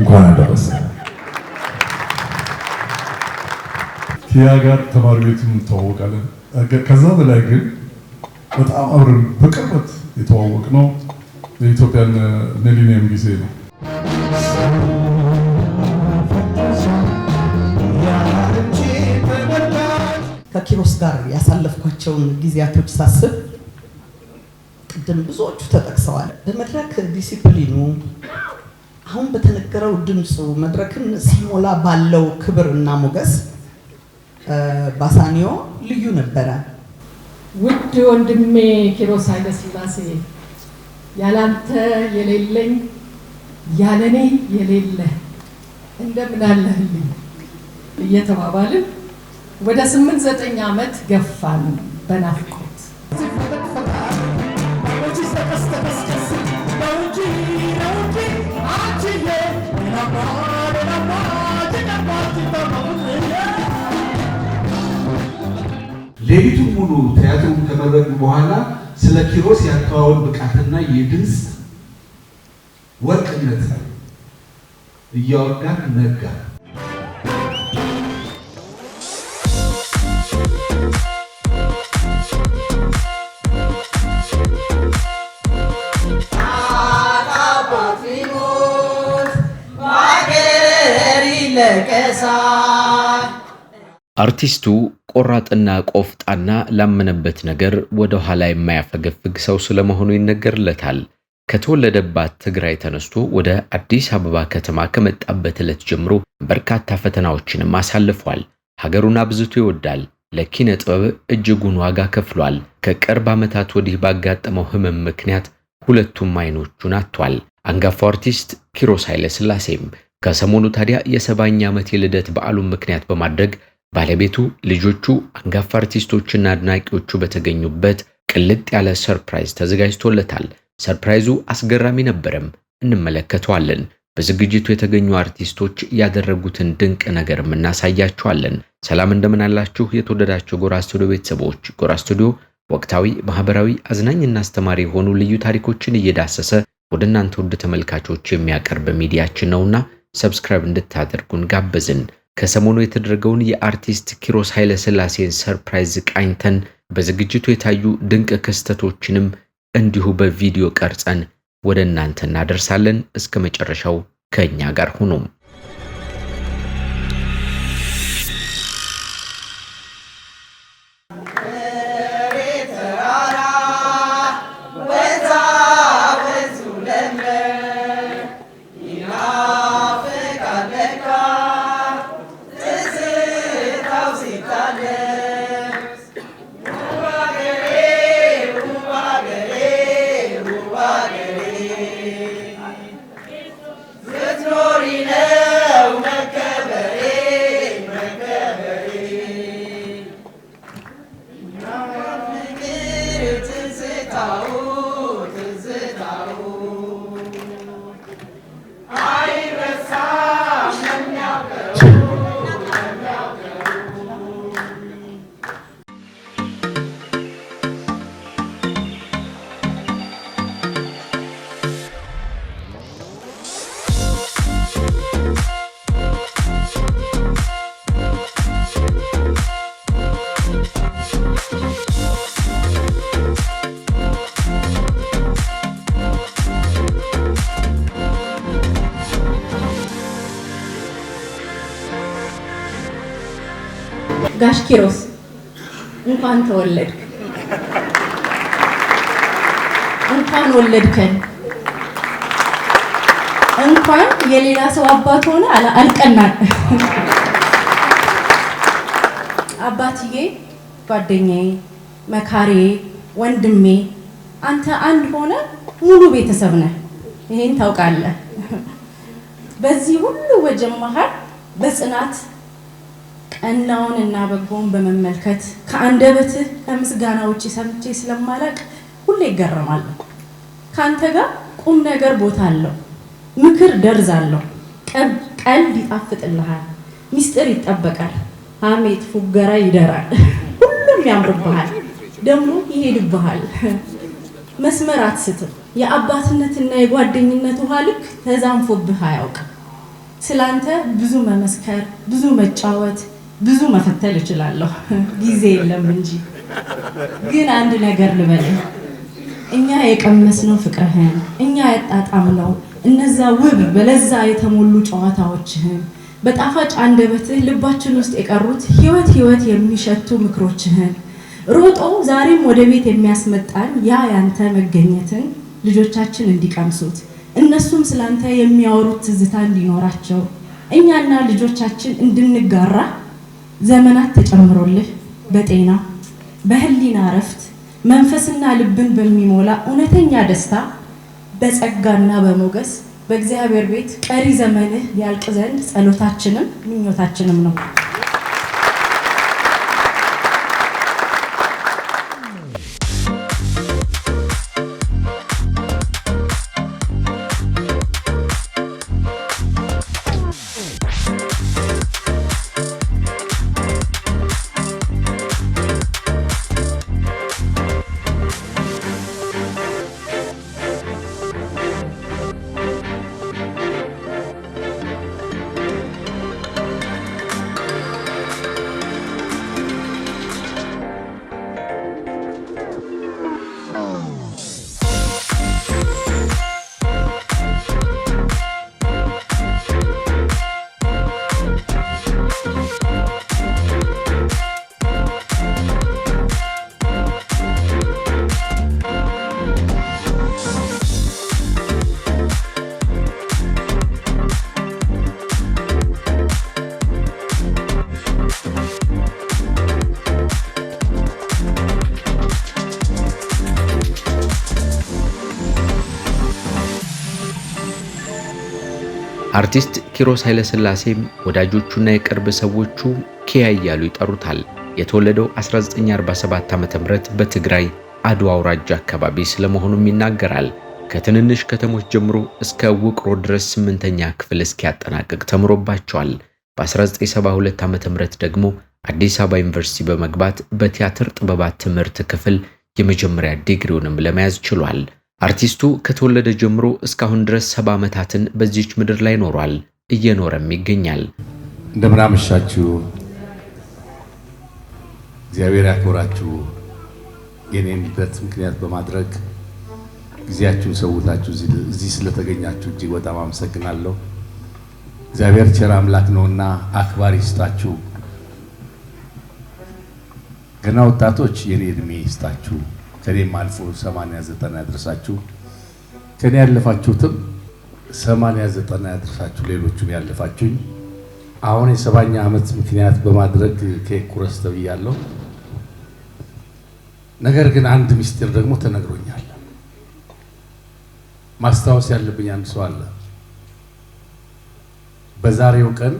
እንኳን አደረሰ። ቲያ ጋር ተማሪ ቤትም እንተዋወቃለን። ከዛ በላይ ግን በጣም አብረን በቅርበት የተዋወቅ ነው የኢትዮጵያን ሚሊኒየም ጊዜ ነው። ከኪሮስ ጋር ያሳለፍኳቸውን ጊዜያቶች ሳስብ ቅድም ብዙዎቹ ተጠቅሰዋል። በመድረክ ዲሲፕሊኑ አሁን በተነገረው ድምፁ መድረክን ሲሞላ ባለው ክብር እና ሞገስ ባሳኒዮ ልዩ ነበረ። ውድ ወንድሜ ኪሮስ ኃይለ ሥላሴ ያላንተ የሌለኝ ያለኔ የሌለ እንደምን አለህልኝ እየተባባልን ወደ ስምንት ዘጠኝ ዓመት ገፋን በናፍቆት Don't you ሌሊቱን ሙሉ ቲያትሩን ከመረግ በኋላ ስለ ኪሮስ የአተዋወል ብቃትና የድምፅ ወርቅነት እያወጋን ነጋ። አርቲስቱ ቆራጥና ቆፍጣና ላመነበት ነገር ወደ ኋላ የማያፈገፍግ ሰው ስለመሆኑ ይነገርለታል። ከተወለደባት ትግራይ ተነስቶ ወደ አዲስ አበባ ከተማ ከመጣበት ዕለት ጀምሮ በርካታ ፈተናዎችንም አሳልፏል። ሀገሩን አብዝቶ ይወዳል። ለኪነ ጥበብ እጅጉን ዋጋ ከፍሏል። ከቅርብ ዓመታት ወዲህ ባጋጠመው ሕመም ምክንያት ሁለቱም አይኖቹን አጥቷል። አንጋፋው አርቲስት ኪሮስ ኃይለሥላሴም ከሰሞኑ ታዲያ የሰባኛ ዓመት የልደት በዓሉን ምክንያት በማድረግ ባለቤቱ፣ ልጆቹ፣ አንጋፋ አርቲስቶችና አድናቂዎቹ በተገኙበት ቅልጥ ያለ ሰርፕራይዝ ተዘጋጅቶለታል። ሰርፕራይዙ አስገራሚ ነበረም፣ እንመለከተዋለን። በዝግጅቱ የተገኙ አርቲስቶች ያደረጉትን ድንቅ ነገርም እናሳያችኋለን። ሰላም እንደምን አላችሁ? የተወደዳችሁ ጎራ ስቱዲዮ ቤተሰቦች፣ ጎራ ስቱዲዮ ወቅታዊ፣ ማህበራዊ፣ አዝናኝና አስተማሪ የሆኑ ልዩ ታሪኮችን እየዳሰሰ ወደ እናንተ ውድ ተመልካቾች የሚያቀርብ ሚዲያችን ነውና ሰብስክራይብ እንድታደርጉን ጋበዝን። ከሰሞኑ የተደረገውን የአርቲስት ኪሮስ ኃይለሥላሴን ሰርፕራይዝ ቃኝተን በዝግጅቱ የታዩ ድንቅ ክስተቶችንም እንዲሁ በቪዲዮ ቀርጸን ወደ እናንተ እናደርሳለን። እስከ መጨረሻው ከእኛ ጋር ሁኑም። ጋሽ ኪሮስ እንኳን ተወለድክ፣ እንኳን ወለድከን፣ እንኳን የሌላ ሰው አባት ሆነ አልቀናል። አባትዬ፣ ጓደኛዬ፣ መካሪዬ፣ ወንድሜ አንተ አንድ ሆነ ሙሉ ቤተሰብ ነህ። ይሄን ታውቃለህ። በዚህ ሁሉ ወጀብ መሃል በጽናት ቀናውን እና በጎውን በመመልከት ከአንደበትህ ከምስጋና ውጭ ሰምቼ ስለማላቅ ሁሌ ይገረማለሁ። ከአንተ ጋር ቁም ነገር ቦታ አለው፣ ምክር ደርዝ አለው፣ ቀልድ ይጣፍጥልሃል፣ ሚስጥር ይጠበቃል፣ ሐሜት ፉገራ ይደራል፣ ሁሉም ያምርብሃል፣ ደግሞ ይሄድብሃል። መስመር አትስትም። የአባትነትና የጓደኝነት ውሃ ልክ ተዛንፎብህ አያውቅም። ስላንተ ብዙ መመስከር፣ ብዙ መጫወት ብዙ መፈተል እችላለሁ፣ ጊዜ የለም እንጂ። ግን አንድ ነገር ልበል፣ እኛ የቀመስነው ፍቅርህን፣ እኛ ያጣጣምነው እነዛ ውብ በለዛ የተሞሉ ጨዋታዎችህን፣ በጣፋጭ አንደበትህ ልባችን ውስጥ የቀሩት ህይወት ህይወት የሚሸቱ ምክሮችህን፣ ሮጦ ዛሬም ወደ ቤት የሚያስመጣን ያ ያንተ መገኘትን ልጆቻችን እንዲቀምሱት እነሱም ስላንተ የሚያወሩት ትዝታ እንዲኖራቸው እኛና ልጆቻችን እንድንጋራ ዘመናት ተጨምሮልህ በጤና በህሊና እረፍት መንፈስና ልብን በሚሞላ እውነተኛ ደስታ በጸጋና በሞገስ በእግዚአብሔር ቤት ቀሪ ዘመንህ ያልቅ ዘንድ ጸሎታችንም ምኞታችንም ነው። አርቲስት ኪሮስ ኃይለሥላሴም ወዳጆቹና የቅርብ ሰዎቹ ኪያ እያሉ ይጠሩታል። የተወለደው 1947 ዓ.ም በትግራይ አድዋ አውራጃ አካባቢ ስለመሆኑም ይናገራል። ከትንንሽ ከተሞች ጀምሮ እስከ ውቅሮ ድረስ ስምንተኛ ክፍል እስኪያጠናቅቅ ተምሮባቸዋል። በ1972 ዓ.ም ደግሞ አዲስ አበባ ዩኒቨርሲቲ በመግባት በቲያትር ጥበባት ትምህርት ክፍል የመጀመሪያ ዲግሪውንም ለመያዝ ችሏል። አርቲስቱ ከተወለደ ጀምሮ እስካሁን ድረስ ሰባ ዓመታትን በዚች ምድር ላይ ኖሯል፣ እየኖረም ይገኛል። እንደምን እግዚአብሔር ያክብራችሁ። የኔን ልደት ምክንያት በማድረግ ጊዜያችሁን ሰውታችሁ እዚህ ስለተገኛችሁ እጅግ በጣም አመሰግናለሁ። እግዚአብሔር ቸር አምላክ ነውና አክባሪ ይስጣችሁ። ገና ወጣቶች የኔ እድሜ ይስጣችሁ። ከኔም አልፎ ሰማንያ ዘጠና ያደረሳችሁ ከኔ ያለፋችሁትም ሰማንያ ዘጠና ያደረሳችሁ ሌሎቹም ያለፋችሁኝ አሁን የሰባኛ ዓመት ምክንያት በማድረግ ኬክ ቁረስ ተብያለሁ። ነገር ግን አንድ ሚስጢር ደግሞ ተነግሮኛል። ማስታወስ ያለብኝ አንድ ሰው አለ። በዛሬው ቀን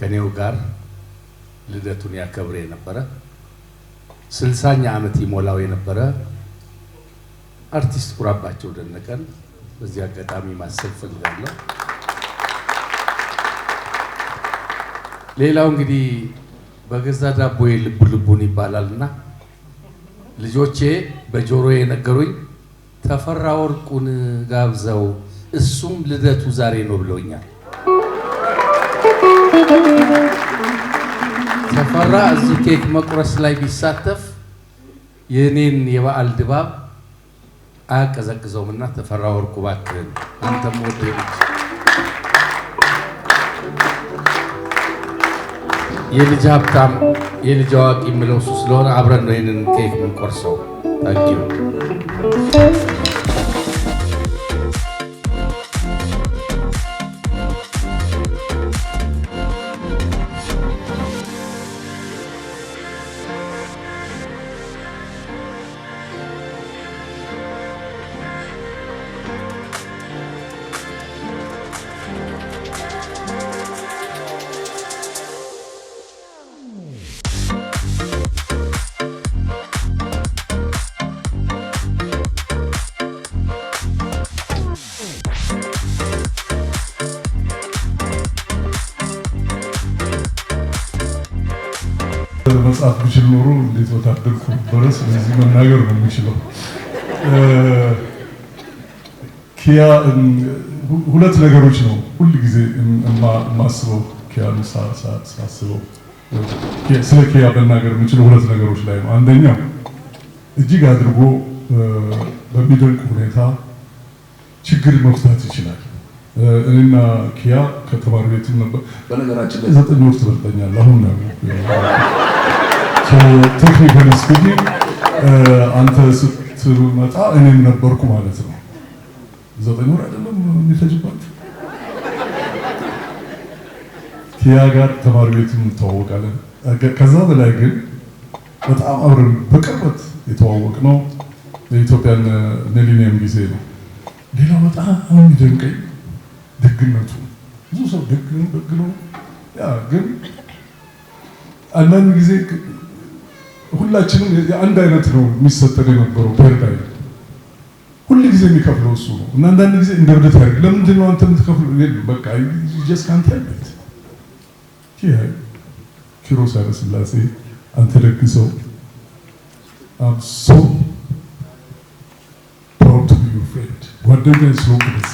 ከኔው ጋር ልደቱን ያከብር የነበረ ስልሳኛ ዓመት ይሞላው የነበረ አርቲስት ኩራባቸው ደነቀን በዚህ አጋጣሚ ማሰብ ፈልጋለሁ። ሌላው እንግዲህ በገዛ ዳቦዬ ልቡ ልቡን ይባላል ልጆቼ በጆሮ የነገሩኝ ተፈራ ወርቁን ጋብዘው እሱም ልደቱ ዛሬ ነው ብለውኛል። ተፈራ እዚህ ኬክ መቁረስ ላይ ቢሳተፍ የእኔን የበዓል ድባብ አያቀዘቅዘውም አያቀዘቅዘውምና ተፈራ ወርቁ እባክህን አንተም ወደ የልጅ ሀብታም የልጅ አዋቂ የምለው እሱ ስለሆነ አብረን ነው ይህንን ኬክ የምንቆርሰው። ታንኪዩ ብችል ኖሮ እንዴት ወታደርኩ ነበረ። ስለዚህ መናገር ነው የሚችለው። ኪያ ሁለት ነገሮች ነው ሁል ጊዜ የማስበው ኪያን ሳስበው ስለ ኪያ መናገር የምችለው ሁለት ነገሮች ላይ ነው። አንደኛው እጅግ አድርጎ በሚደንቅ ሁኔታ ችግር መፍታት ይችላል። እኔና ኪያ ከተማሪ ቤትም ነበር። በነገራችን ላይ ዘጠኝ ወር ትበልጠኛለህ አሁን ነው ቴክኒካሊ ስፒኪንግ አንተ ስትመጣ እኔም ነበርኩ ማለት ነው። ዘጠኝ ወር አይደለም የሚፈጅባት ኪያ ጋር ተማሪ ቤት እንተዋወቃለን። ከዛ በላይ ግን በጣም አብረን በቅርበት የተዋወቅ ነው የኢትዮጵያን ሚሊኒየም ጊዜ ነው። ሌላው በጣም የሚደንቀኝ ደግነቱ ብዙ ሰው ደግ ደግ ነው፣ ያ ግን አንዳንድ ጊዜ ሁላችንም የአንድ አይነት ነው የሚሰጠን የነበረው ፔርዳይ ሁሉ ጊዜ የሚከፍለው እሱ ነው። እና አንዳንድ ጊዜ እንደ ብደት ያደርግ ለምንድን ነው አንተ የምትከፍለው? በቃ ጀስ ከአንተ ያለት ኪሮስ ኃይለሥላሴ አንተ ደግሰው አብሶ ፕራውድ ቱ ቢ ዮር ፍሬንድ ጓደኛ ስለሆንኩ ደስ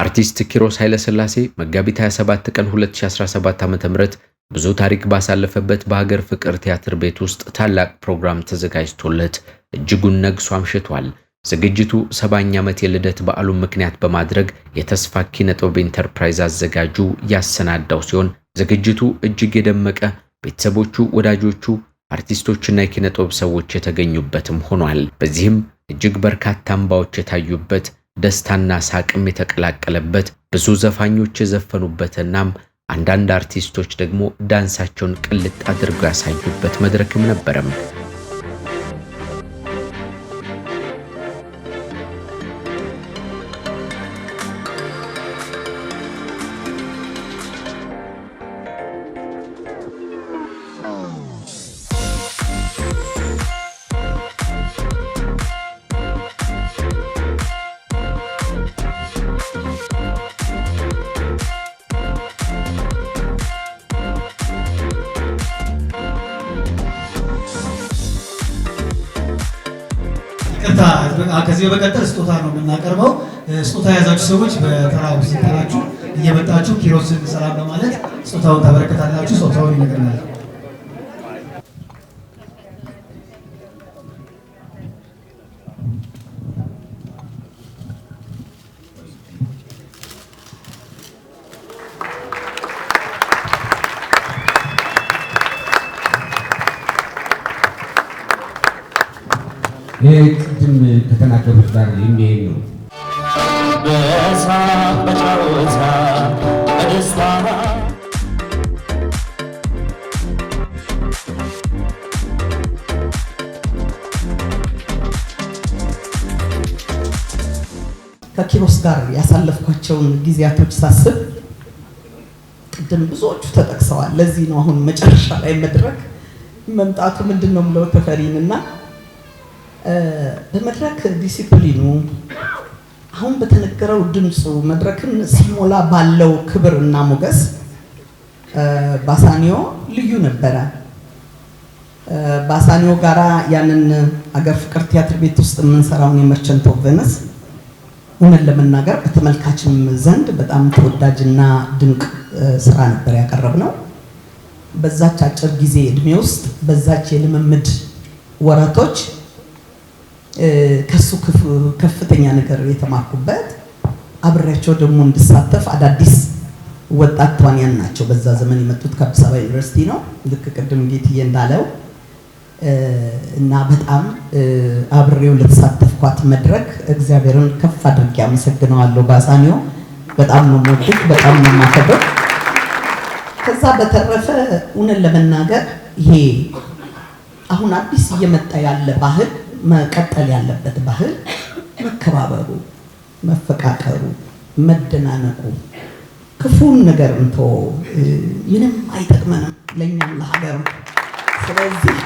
አርቲስት ኪሮስ ኃይለ ኃይለሥላሴ መጋቢት 27 ቀን 2017 ዓ.ም ብዙ ታሪክ ባሳለፈበት በሀገር ፍቅር ቲያትር ቤት ውስጥ ታላቅ ፕሮግራም ተዘጋጅቶለት እጅጉን ነግሶ አምሽቷል። ዝግጅቱ ሰባኛ ዓመት የልደት በዓሉን ምክንያት በማድረግ የተስፋ ኪነጥበብ ኢንተርፕራይዝ አዘጋጁ ያሰናዳው ሲሆን ዝግጅቱ እጅግ የደመቀ ቤተሰቦቹ፣ ወዳጆቹ፣ አርቲስቶችና የኪነጥበብ ሰዎች የተገኙበትም ሆኗል። በዚህም እጅግ በርካታ እንባዎች የታዩበት ደስታና ሳቅም የተቀላቀለበት ብዙ ዘፋኞች የዘፈኑበትናም አንዳንድ አርቲስቶች ደግሞ ዳንሳቸውን ቅልጥ አድርገው ያሳዩበት መድረክም ነበረም። ከዚህ በመቀጠል ስጦታ ነው የምናቀርበው። ስጦታ የያዛችሁ ሰዎች በተራ ስታላችሁ እየመጣችሁ ኪሮስን ሰላም በማለት ስጦታውን ታበረከታላችሁ። ስጦታውን ይነግርናል። ከክብር ጋር የሚሄድ ነው። በሳቅ በጨዋታ በደስታ ከኪሮስ ጋር ያሳለፍኳቸውን ጊዜያቶች ሳስብ ቅድም ብዙዎቹ ተጠቅሰዋል። ለዚህ ነው አሁን መጨረሻ ላይ መድረክ መምጣቱ ምንድን ነው ምለው ተፈሪን እና በመድረክ ዲሲፕሊኑ አሁን በተነገረው ድምፁ መድረክን ሲሞላ ባለው ክብር እና ሞገስ ባሳኒዮ ልዩ ነበረ። ባሳኒዮ ጋራ ያንን አገር ፍቅር ቲያትር ቤት ውስጥ የምንሰራውን የመርቸንት ኦፍ ቬነስ እውነት ለመናገር በተመልካችም ዘንድ በጣም ተወዳጅና ድንቅ ስራ ነበር ነው። በዛች አጭር ጊዜ እድሜ ውስጥ በዛች የልምምድ ወራቶች ከሱ ከፍተኛ ነገር የተማርኩበት አብሬያቸው ደግሞ እንድሳተፍ አዳዲስ ወጣት ተዋንያን ናቸው። በዛ ዘመን የመጡት ከአዲስ አበባ ዩኒቨርሲቲ ነው። ልክ ቅድም ጌትዬ እንዳለው እና በጣም አብሬው ለተሳተፍኳት መድረክ እግዚአብሔርን ከፍ አድርጌ አመሰግነዋለሁ። ባሳኒዮ በጣም ነው የምወድህ፣ በጣም ነው የማከብር። ከዛ በተረፈ እውነት ለመናገር ይሄ አሁን አዲስ እየመጣ ያለ ባህል መቀጠል ያለበት ባህል መከባበሩ፣ መፈቃቀሩ፣ መደናነቁ ክፉን ነገር እንቶ ምንም አይጠቅመንም ለእኛም ለሀገርም። ስለዚህ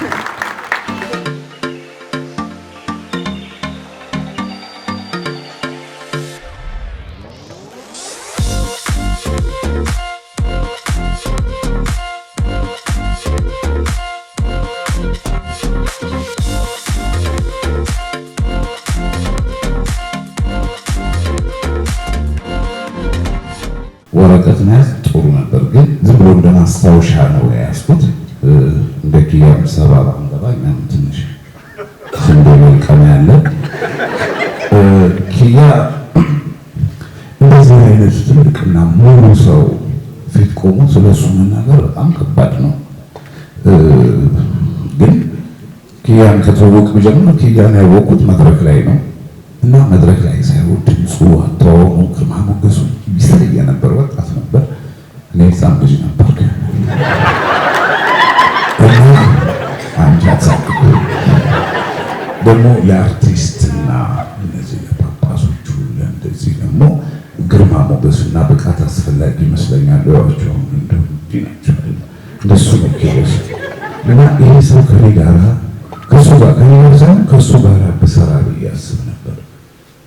መናገር በጣም ከባድ ነው። ግን ኪያን ከተዋወቅን ጀምሮ ኪያን ያወቅሁት መድረክ ላይ ነው እና መድረክ ላይ ሳይሆን ድምፁ፣ አተዋወቁ፣ ግርማ ሞገሱ ይሰለየ ነበር። ወጣት ነበር፣ እኔ ህፃን ልጅ ነበር። ደግሞ ለአርቲስትና እነዚህ ለጳጳሶቹ ለእንደዚህ ደግሞ ግርማ ሞገሱና ብቃት አስፈላጊ ይመስለኛል ያቸው ናቸዋል። እንደሱ እና ይህ ሰው ከኔ ከሱ ጋር ከኔ ጋር ሳይሆን ከሱ ጋር ብሰራ ብዬ አስብ ነበር።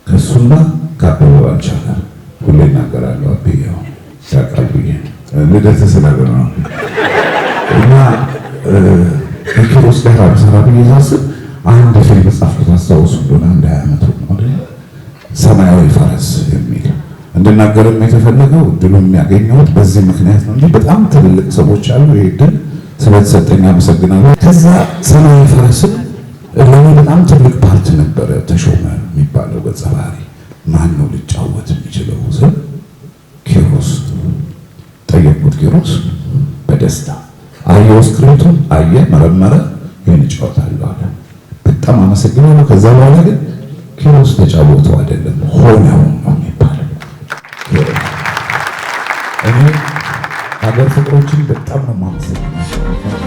ከሱና ከአበበ ባልቻ ጋር ሁሌ እናገራለሁ። አብያው ልደት ነው እና ከኪሮስ ጋር ብሰራ ብዬ ሳስብ አንድ ፊልም ጻፍኩት። አስታውሱ እንደሆነ አንድ ሀያ ዓመት ሰማያዊ ፈረስ የሚል እንድናገርም የተፈለገው እድሉ የሚያገኘሁት በዚህ ምክንያት ነው እንጂ በጣም ትልልቅ ሰዎች አሉ። ይህ እድል ስለተሰጠኝ አመሰግናለሁ። ከዛ ሰማያዊ ፈረስን ለእኔ በጣም ትልቅ ፓርት ነበረ። ተሾመ የሚባለው በጸባሪ ማን ነው ልጫወት የሚችለው ስል ኪሮስ ጠየቁት። ኪሮስ በደስታ አየ ስክሪፕቱን አየ፣ መረመረ፣ ይህን እጫወታለሁ አለ። በጣም አመሰግናለሁ። ከዛ በኋላ ግን ኪሮስ ተጫወተው አይደለም ሆነው ነገሮችን በጣም ነው ማመሰግናቸው።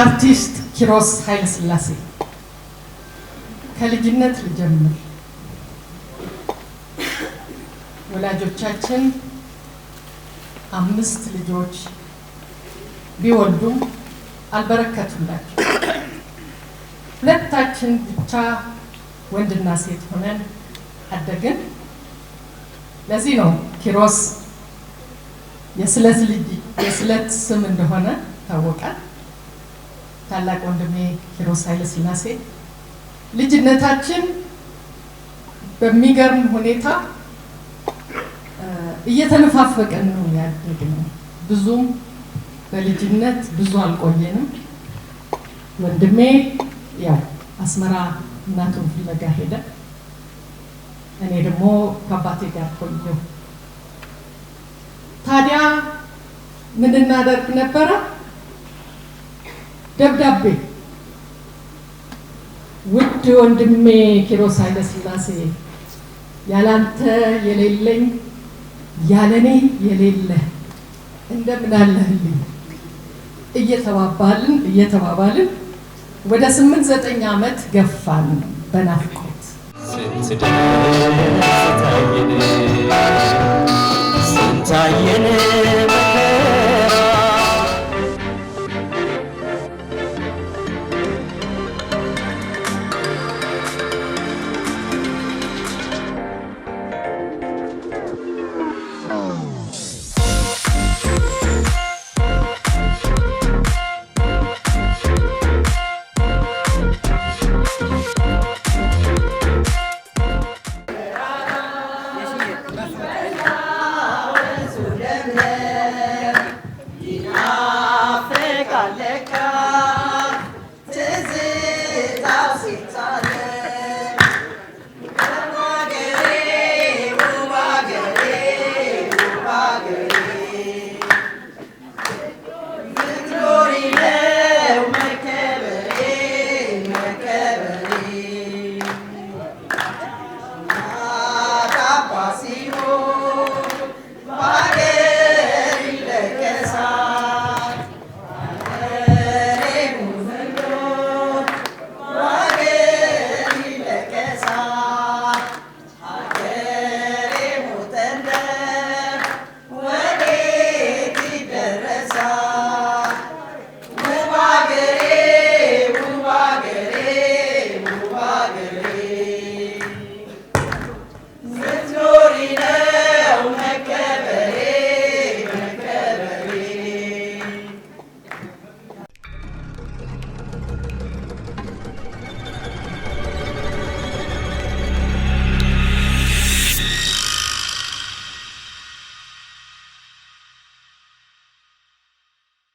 አርቲስት ኪሮስ ኃይለሥላሴ ከልጅነት ልጀምር። ወላጆቻችን አምስት ልጆች ቢወልዱም አልበረከቱላቸው። ሁለታችን ብቻ ወንድና ሴት ሆነን አደግን። ለዚህ ነው ኪሮስ የስለት ልጅ የስለት ስም እንደሆነ ይታወቃል። ታላቅ ወንድሜ ኪሮስ ኃይለ ሥላሴ ልጅነታችን በሚገርም ሁኔታ እየተነፋፈቀን ነው ነው ብዙም በልጅነት ብዙ አልቆየንም። ወንድሜ ያው አስመራ እናቱን ፍለጋ ሄደ። እኔ ደግሞ ከአባቴ ጋር ቆየሁ። ታዲያ ምን እናደርግ ነበረ? ደብዳቤ ውድ ወንድሜ ኪሮስ ኃይለሥላሴ ያላንተ የሌለኝ ያለኔ የሌለ እንደምን አለህልኝ እየተባባልን እየተባባልን ወደ ስምንት ዘጠኝ ዓመት ገፋን በናፍቆት ስንታየን